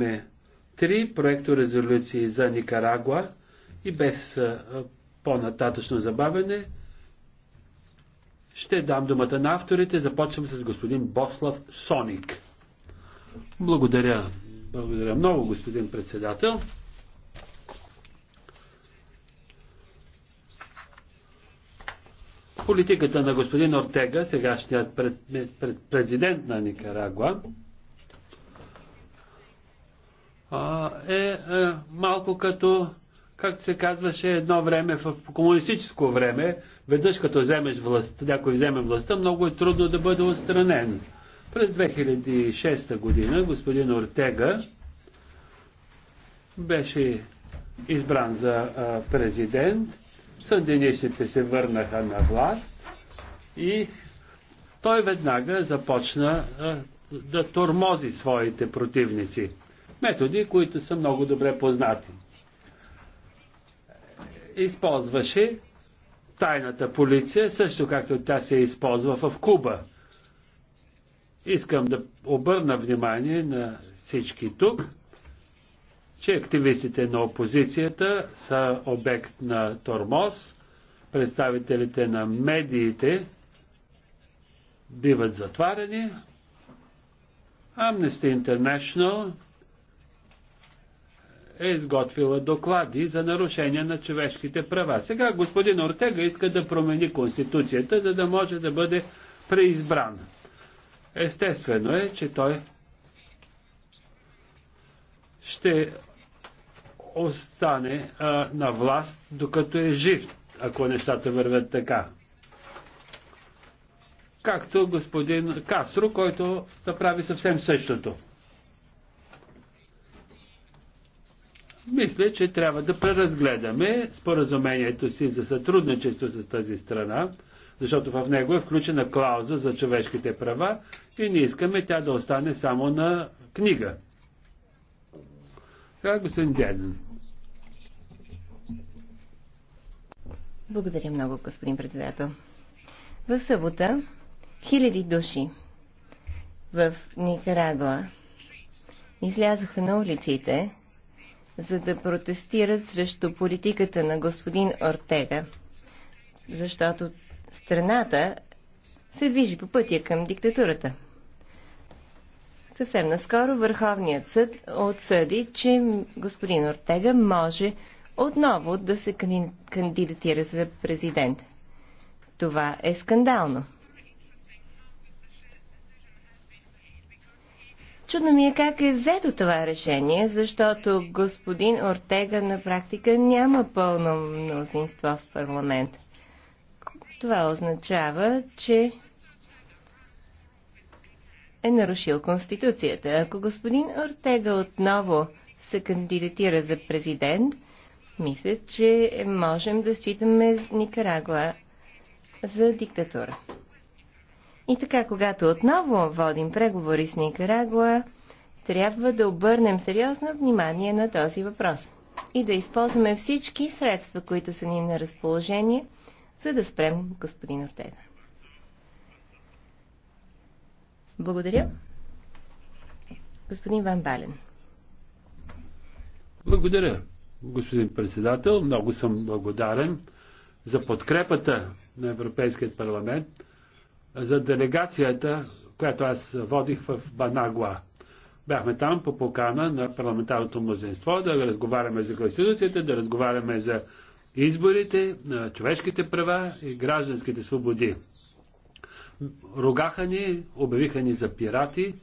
имаме три резолюции за Никарагуа и без по-нататъчно забавене ще дам думата на авторите. Започвам с господин Бослав Соник. Благодаря. Благодаря много, господин председател. Политиката на господин Ортега, сегашният пред, пред, президент на Никарагуа, е, е малко като, как се казваше едно време в комунистическо време, веднъж като вземеш власт, някой вземе властта, много е трудно да бъде отстранен. През 2006 година господин Ортега беше избран за президент, съндинистите се върнаха на власт и той веднага започна да тормози своите противници. Методи, които са много добре познати. Използваше тайната полиция, също както тя се използва в Куба. Искам да обърна внимание на всички тук, че активистите на опозицията са обект на тормоз, представителите на медиите биват затварени, Amnesty International е изготвила доклади за нарушения на човешките права. Сега господин Ортега иска да промени конституцията, за да може да бъде преизбран. Естествено е, че той ще остане а, на власт, докато е жив, ако нещата вървят така. Както господин Кастро, който направи съвсем същото. мисля, че трябва да преразгледаме споразумението си за сътрудничество с тази страна, защото в него е включена клауза за човешките права и не искаме тя да остане само на книга. Сега господин Дяден. Благодаря много, господин председател. В събота хиляди души в Никарагуа излязоха на улиците, за да протестират срещу политиката на господин Ортега, защото страната се движи по пътя към диктатурата. Съвсем наскоро Върховният съд отсъди, че господин Ортега може отново да се кандидатира за президент. Това е скандално. Чудно ми е как е взето това решение, защото господин Ортега на практика няма пълно мнозинство в парламент. Това означава, че е нарушил Конституцията. Ако господин Ортега отново се кандидатира за президент, мисля, че можем да считаме Никарагуа за диктатура. И така, когато отново водим преговори с Никарагуа, трябва да обърнем сериозно внимание на този въпрос и да използваме всички средства, които са ни на разположение, за да спрем господин Ортега. Благодаря. Господин Ван Бален. Благодаря, господин председател. Много съм благодарен за подкрепата на Европейският парламент за делегацията, която аз водих в Банагуа. Бяхме там по покана на парламентарното мнозинство да разговаряме за Конституцията, да разговаряме за изборите, на човешките права и гражданските свободи. Ругаха ни, обявиха ни за пирати,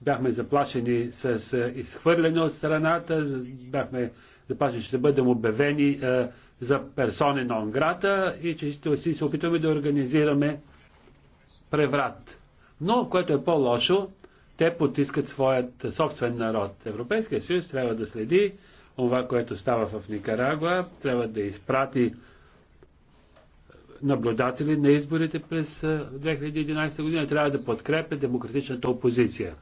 бяхме заплашени с е, изхвърляне от страната, бяхме заплашени, че ще бъдем обявени е, за персони на Онграта и че ще се опитваме да организираме преврат. Но, което е по-лошо, те потискат своят собствен народ. Европейския съюз трябва да следи това, което става в Никарагуа, трябва да изпрати наблюдатели на изборите през 2011 година, трябва да подкрепя демократичната опозиция.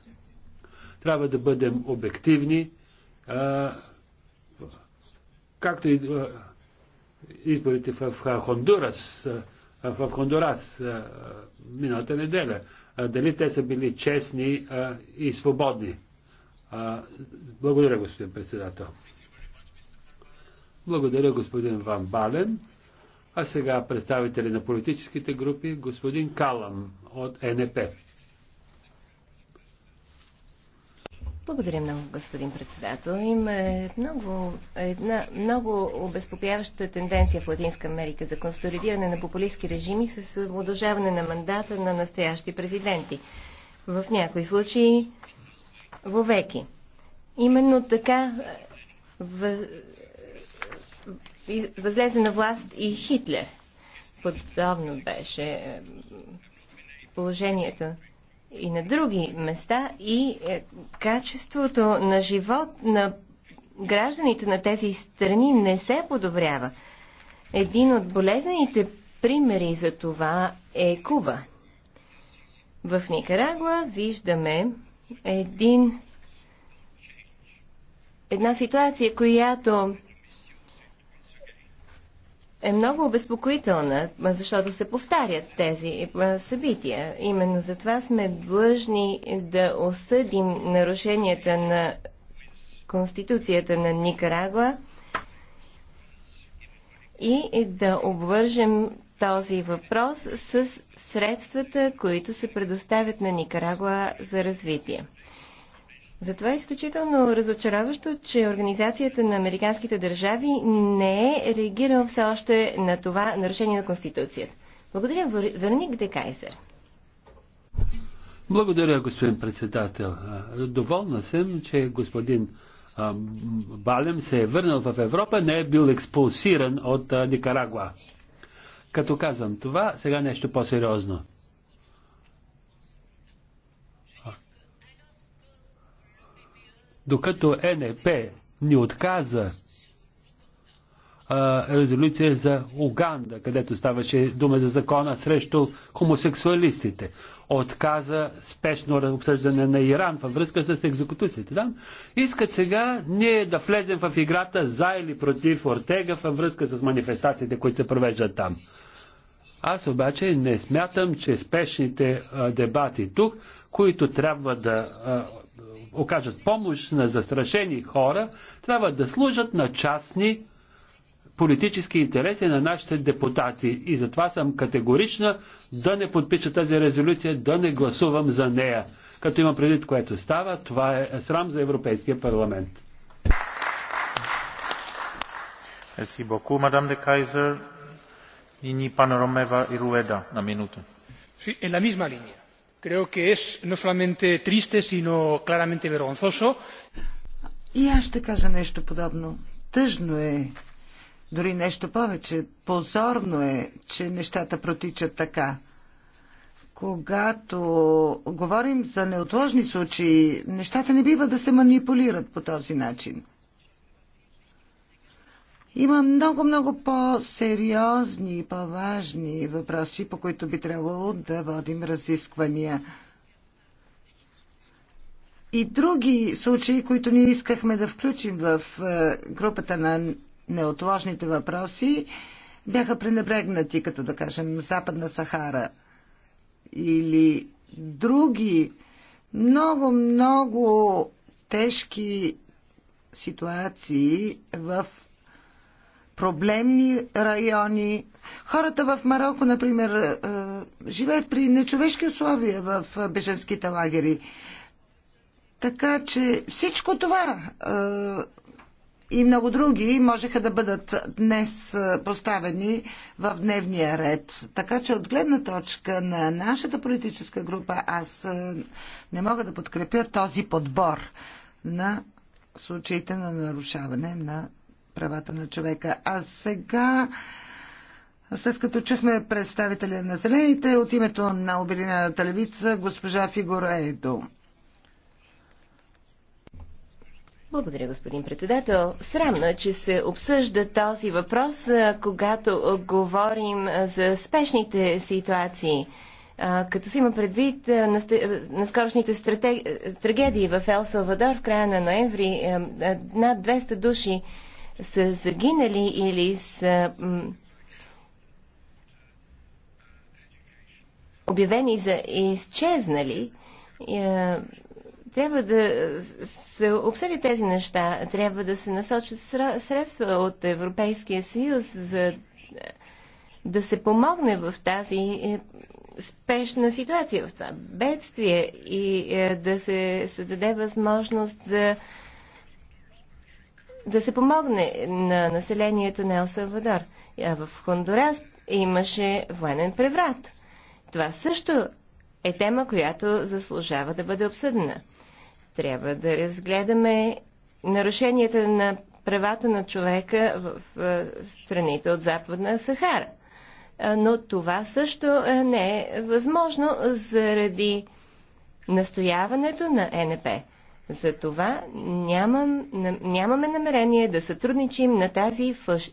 Трябва да бъдем обективни, както и изборите в Хондурас в Хондурас миналата неделя. Дали те са били честни и свободни? Благодаря, господин председател. Благодаря, господин Ван Бален. А сега представители на политическите групи, господин Калам от НП. Благодаря много, господин председател. Има много, една много обезпокояваща тенденция в Латинска Америка за консолидиране на популистски режими с удължаване на мандата на настоящи президенти. В някои случаи вовеки. Именно така възлезе на власт и Хитлер. Подобно беше положението и на други места и е, качеството на живот на гражданите на тези страни не се подобрява. Един от болезнените примери за това е Куба. В Никарагуа виждаме един, една ситуация, която е много обезпокоителна, защото се повтарят тези е, събития. Именно за това сме длъжни да осъдим нарушенията на Конституцията на Никарагуа и да обвържем този въпрос с средствата, които се предоставят на Никарагуа за развитие. Затова е изключително разочароващо, че Организацията на американските държави не е реагирала все още на това нарушение на Конституцията. Благодаря, Верник Декайзер. Благодаря, господин председател. Доволна съм, че господин Балем се е върнал в Европа, не е бил експулсиран от Никарагуа. Като казвам това, сега нещо по-сериозно. докато НЕП ни отказа а, резолюция за Уганда, където ставаше дума за закона срещу хомосексуалистите. Отказа спешно обсъждане на Иран във връзка с екзекутусите. Да? Искат сега ние да влезем в играта за или против Ортега във връзка с манифестациите, които се провеждат там. Аз обаче не смятам, че спешните а, дебати тук, които трябва да а, окажат помощ на застрашени хора, трябва да служат на частни политически интереси на нашите депутати. И затова съм категорична да не подпиша тази резолюция, да не гласувам за нея. Като имам предвид което става, това е срам за Европейския парламент. Merci beaucoup, Madame de Kaiser. Y Panoromeva и Руеда на минута. en la misma линия. Creo que es no solamente triste, sino claramente vergonzoso. И аз ще кажа нещо подобно. Тъжно е, дори нещо повече. Позорно е, че нещата протичат така. Когато говорим за неотложни случаи, нещата не бива да се манипулират по този начин. Има много, много по-сериозни и по-важни въпроси, по които би трябвало да водим разисквания. И други случаи, които ние искахме да включим в е, групата на неотложните въпроси, бяха пренебрегнати, като да кажем Западна Сахара или други много, много тежки ситуации в проблемни райони. Хората в Марокко, например, е, живеят при нечовешки условия в е, беженските лагери. Така че всичко това е, и много други можеха да бъдат днес поставени в дневния ред. Така че от гледна точка на нашата политическа група аз не мога да подкрепя този подбор на случаите на нарушаване на правата на човека. А сега, след като чухме представителя на зелените, от името на Обединената левица, госпожа Фигура Едо. Благодаря, господин председател. Срамно е, че се обсъжда този въпрос, когато говорим за спешните ситуации. Като си има предвид наскорошните стратег... трагедии в Ел Салвадор в края на ноември, над 200 души са загинали или са обявени за изчезнали, е, трябва да се обсъди тези неща. Трябва да се насочат средства от Европейския съюз, за да се помогне в тази е, спешна ситуация, в това бедствие и е, да се създаде възможност за да се помогне на населението на Ел Салвадор. А в Хондурас имаше военен преврат. Това също е тема, която заслужава да бъде обсъдена. Трябва да разгледаме нарушенията на правата на човека в страните от Западна Сахара. Но това също не е възможно заради настояването на НП. За това нямам, нямаме намерение да сътрудничим на тази фъш,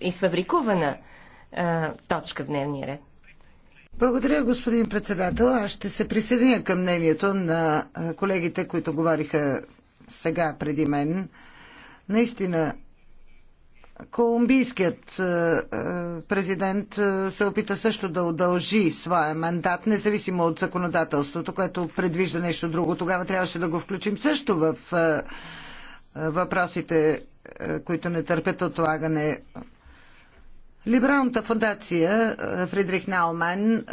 изфабрикувана а, точка в дневния ред. Благодаря, господин председател. Аз ще се присъединя към мнението на колегите, които говориха сега преди мен. Наистина, Колумбийският е, е, президент е, се опита също да удължи своя мандат, независимо от законодателството, което предвижда нещо друго. Тогава трябваше да го включим също в въпросите, които не търпят отлагане. Либералната фундация Фридрих Науман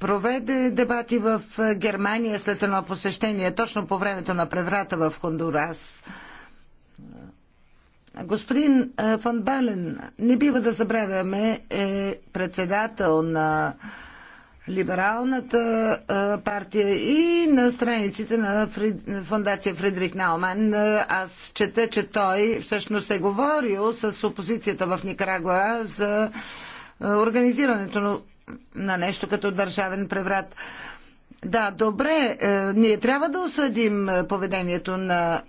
проведе дебати в Германия след едно посещение, точно по времето на преврата в Хондурас. Господин е, Фон Бален, не бива да забравяме, е председател на Либералната е, партия и на страниците на Фундация Фридрих Науман. Е, аз чета, че той всъщност е говорил с опозицията в Никарагуа за организирането на нещо като държавен преврат. Да, добре. Ние трябва да осъдим поведението на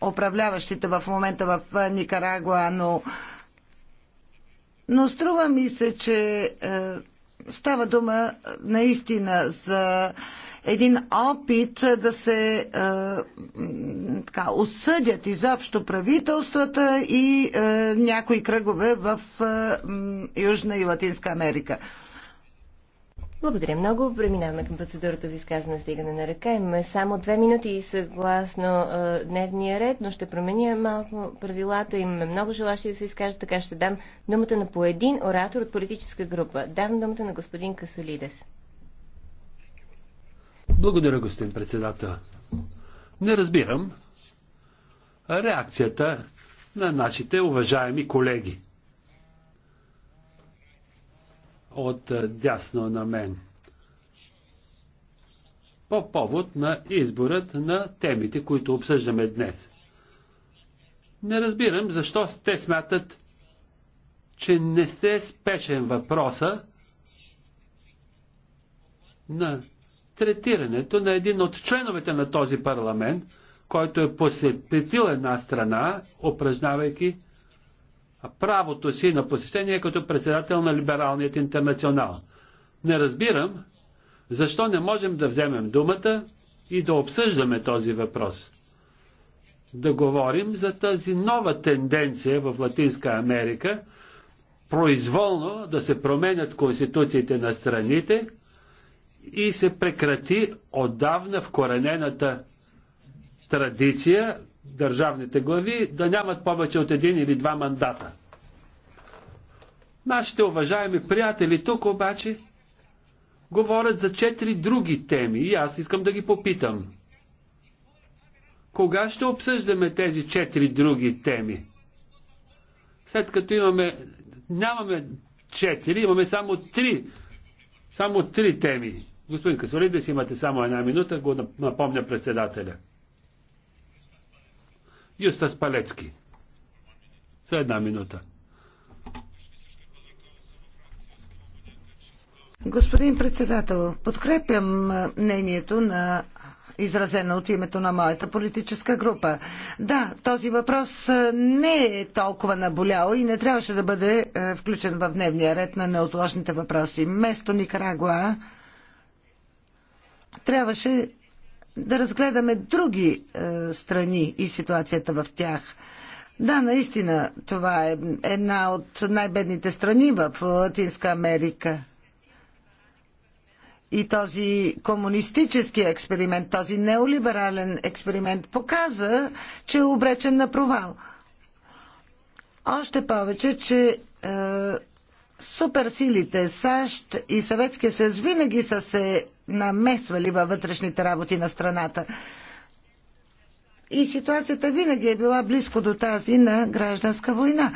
управляващите в момента в Никарагуа, но, но струва ми се, че е, става дума е, наистина за един опит да се е, така, осъдят изобщо правителствата и е, някои кръгове в е, Южна и Латинска Америка. Благодаря много. Преминаваме към процедурата за изказване с дигане на ръка. Имаме само две минути и съгласно а, дневния ред, но ще променя малко правилата. Имаме много желащи да се изкажат, така ще дам думата на по един оратор от политическа група. Давам думата на господин Касолидес. Благодаря, господин председател. Не разбирам реакцията на нашите уважаеми колеги. от дясно на мен. По повод на изборът на темите, които обсъждаме днес. Не разбирам защо те смятат, че не се е спешен въпроса на третирането на един от членовете на този парламент, който е посетил една страна, упражнявайки правото си на посещение като председател на Либералният интернационал. Не разбирам защо не можем да вземем думата и да обсъждаме този въпрос. Да говорим за тази нова тенденция в Латинска Америка, произволно да се променят конституциите на страните и се прекрати отдавна вкоренената традиция държавните глави да нямат повече от един или два мандата. Нашите уважаеми приятели тук обаче говорят за четири други теми и аз искам да ги попитам. Кога ще обсъждаме тези четири други теми? След като имаме, нямаме четири, имаме само три, само три теми. Господин си имате само една минута, го напомня председателя. Юстас Палецки. За една минута. Господин председател, подкрепям мнението на изразено от името на моята политическа група. Да, този въпрос не е толкова наболял и не трябваше да бъде включен в дневния ред на неотложните въпроси. Место Никарагуа трябваше да разгледаме други е, страни и ситуацията в тях. Да, наистина, това е една от най-бедните страни в Латинска Америка. И този комунистически експеримент, този неолиберален експеримент показа, че е обречен на провал. Още повече, че е, суперсилите САЩ и Съветския съюз винаги са се намесвали във вътрешните работи на страната. И ситуацията винаги е била близко до тази на гражданска война.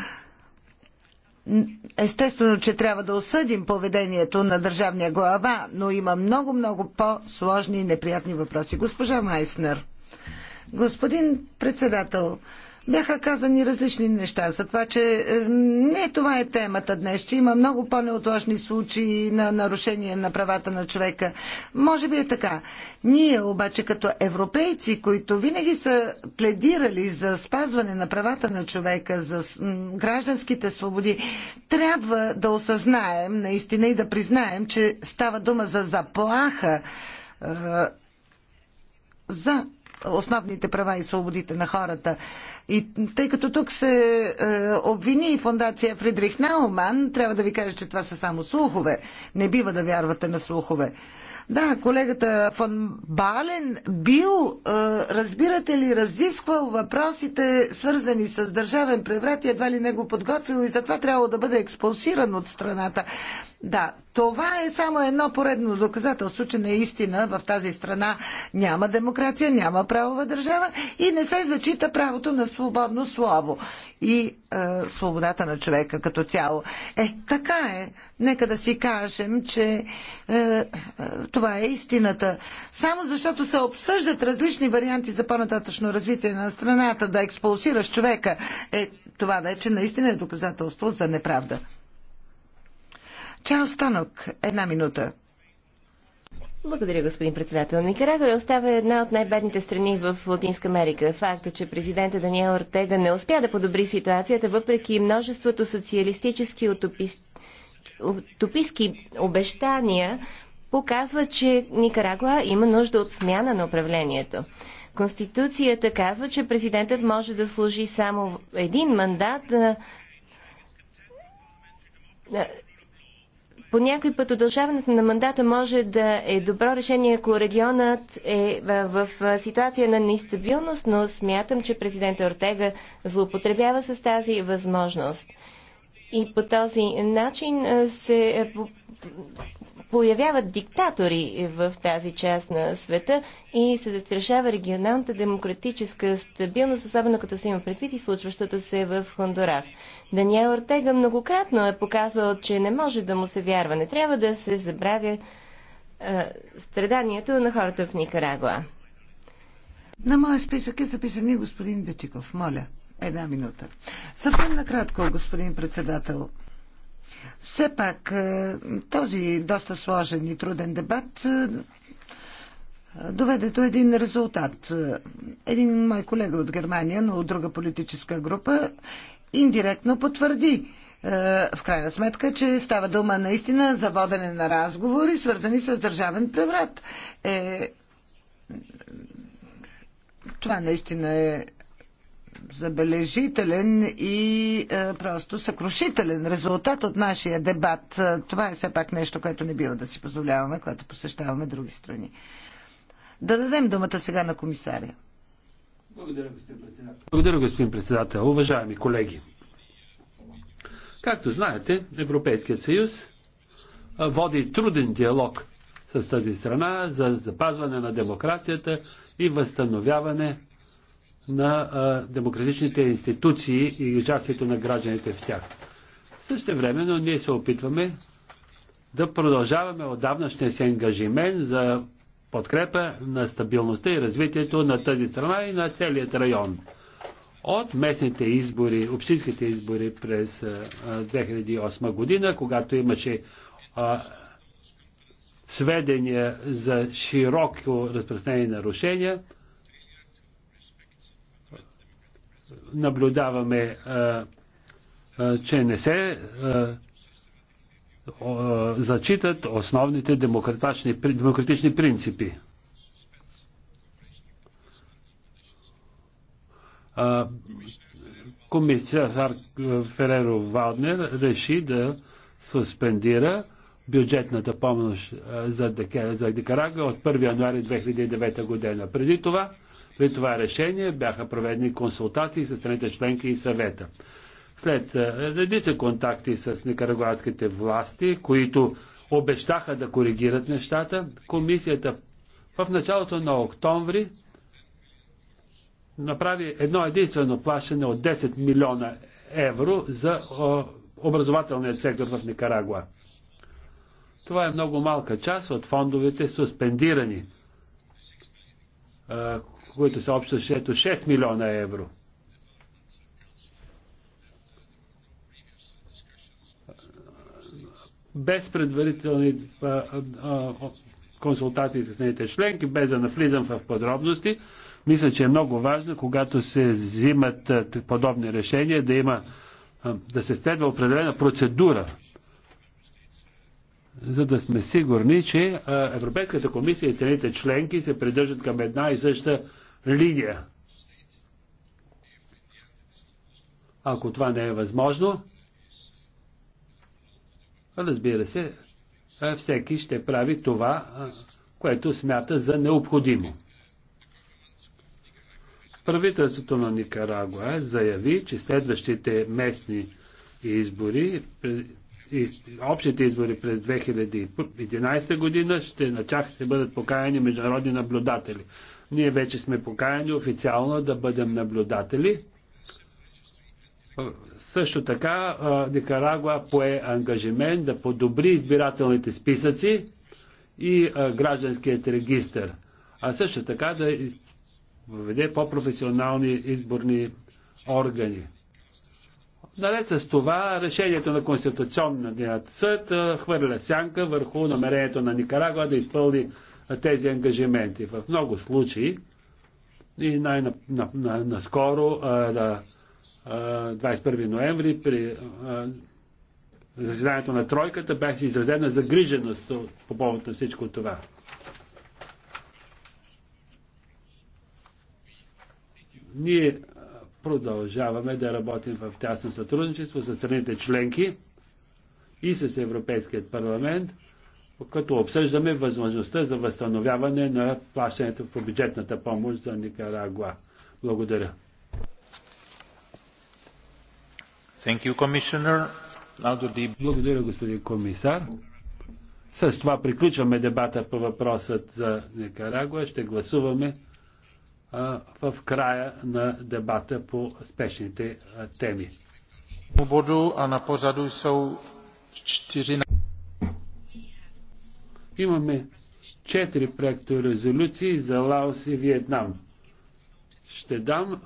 Естествено, че трябва да осъдим поведението на държавния глава, но има много, много по-сложни и неприятни въпроси. Госпожа Майснер. Господин председател, бяха казани различни неща за това, че е, не това е темата днес, че има много по-неотложни случаи на нарушение на правата на човека. Може би е така. Ние обаче като европейци, които винаги са пледирали за спазване на правата на човека, за гражданските свободи, трябва да осъзнаем наистина и да признаем, че става дума за заплаха е, за основните права и свободите на хората. И тъй като тук се е, обвини фондация Фридрих Науман, трябва да ви кажа, че това са само слухове. Не бива да вярвате на слухове. Да, колегата фон Бален бил, разбирате ли, разисквал въпросите, свързани с държавен преврат и едва ли не го подготвил и затова трябва да бъде експулсиран от страната. Да, това е само едно поредно доказателство, че наистина в тази страна няма демокрация, няма правова държава и не се зачита правото на свободно слово и е, свободата на човека като цяло. Е, така е. Нека да си кажем, че е, е, това е истината. Само защото се обсъждат различни варианти за по-нататъчно развитие на страната, да експулсираш човека, е, това вече наистина е доказателство за неправда. Чао Станок, една минута. Благодаря, господин председател. Никарагуа остава една от най-бедните страни в Латинска Америка. Факта, е, че президента Даниел Ортега не успя да подобри ситуацията, въпреки множеството социалистически утопи... утописки обещания, показва, че Никарагуа има нужда от смяна на управлението. Конституцията казва, че президентът може да служи само един мандат. По някой път удължаването на мандата може да е добро решение, ако регионът е в ситуация на нестабилност, но смятам, че президента Ортега злоупотребява с тази възможност. И по този начин се появяват диктатори в тази част на света и се застрашава регионалната демократическа стабилност, особено като се има предвид и случващото се в Хондурас. Даниел Ортега многократно е показал, че не може да му се вярва. Не трябва да се забравя е, страданието на хората в Никарагуа. На моя списък е записан и господин Бетиков. Моля, една минута. Съвсем накратко, господин председател. Все пак е, този доста сложен и труден дебат е, доведе до един резултат. Един мой колега от Германия, но от друга политическа група, индиректно потвърди е, в крайна сметка, че става дума наистина за водене на разговори, свързани с държавен преврат. Е, това наистина е забележителен и е, просто съкрушителен резултат от нашия дебат. Е, това е все пак нещо, което не бива да си позволяваме, когато посещаваме други страни. Да дадем думата сега на комисаря. Благодаря, господин председател. Благодаря, господин председател. Уважаеми колеги, както знаете, Европейският съюз води труден диалог с тази страна за запазване на демокрацията и възстановяване на а, демократичните институции и участието на гражданите в тях. Също времено ние се опитваме да продължаваме отдавнашния си ангажимент за подкрепа на стабилността и развитието на тази страна и на целият район. От местните избори, общинските избори през 2008 година, когато имаше а, сведения за широко разпространение нарушения, наблюдаваме, е, е, че не се е, зачитат основните демократични, демократични принципи. Комисар Фереро Валнер реши да суспендира бюджетната помощ за Декарага от 1 януари 2009 година. Преди това при това решение бяха проведени консултации с страните членки и съвета. След е, редица контакти с никарагуатските власти, които обещаха да коригират нещата, комисията в началото на октомври направи едно единствено плащане от 10 милиона евро за образователния сектор в Никарагуа. Това е много малка част от фондовете суспендирани, е, които са общо 6 милиона евро. без предварителни а, а, консултации с нейните членки, без да навлизам в подробности. Мисля, че е много важно, когато се взимат подобни решения, да има да се следва определена процедура, за да сме сигурни, че Европейската комисия и страните членки се придържат към една и съща линия. Ако това не е възможно, разбира се, всеки ще прави това, което смята за необходимо. Правителството на Никарагуа заяви, че следващите местни избори, общите избори през 2011 година ще на тях ще бъдат покаяни международни наблюдатели. Ние вече сме поканени официално да бъдем наблюдатели. Също така Никарагуа пое ангажимент да подобри избирателните списъци и гражданският регистр, а също така да въведе по-професионални изборни органи. Наред с това, решението на Конституционния съд хвърля сянка върху намерението на Никарагуа да изпълни тези ангажименти. В много случаи и най-наскоро, -на, на, на 21 ноември, при заседанието на тройката беше изразена загриженост по повод на всичко това. Ние продължаваме да работим в тясно сътрудничество с страните членки и с Европейският парламент, като обсъждаме възможността за възстановяване на плащането по бюджетната помощ за Никарагуа. Благодаря. Thank you, Commissioner. Благодаря, господин комисар. С това приключваме дебата по въпросът за Никарагуа. Ще гласуваме а, в края на дебата по спешните а, теми. Bodu а на pořadu са Имаме четири проекта резолюции за Лаос и Виетнам. Ще дам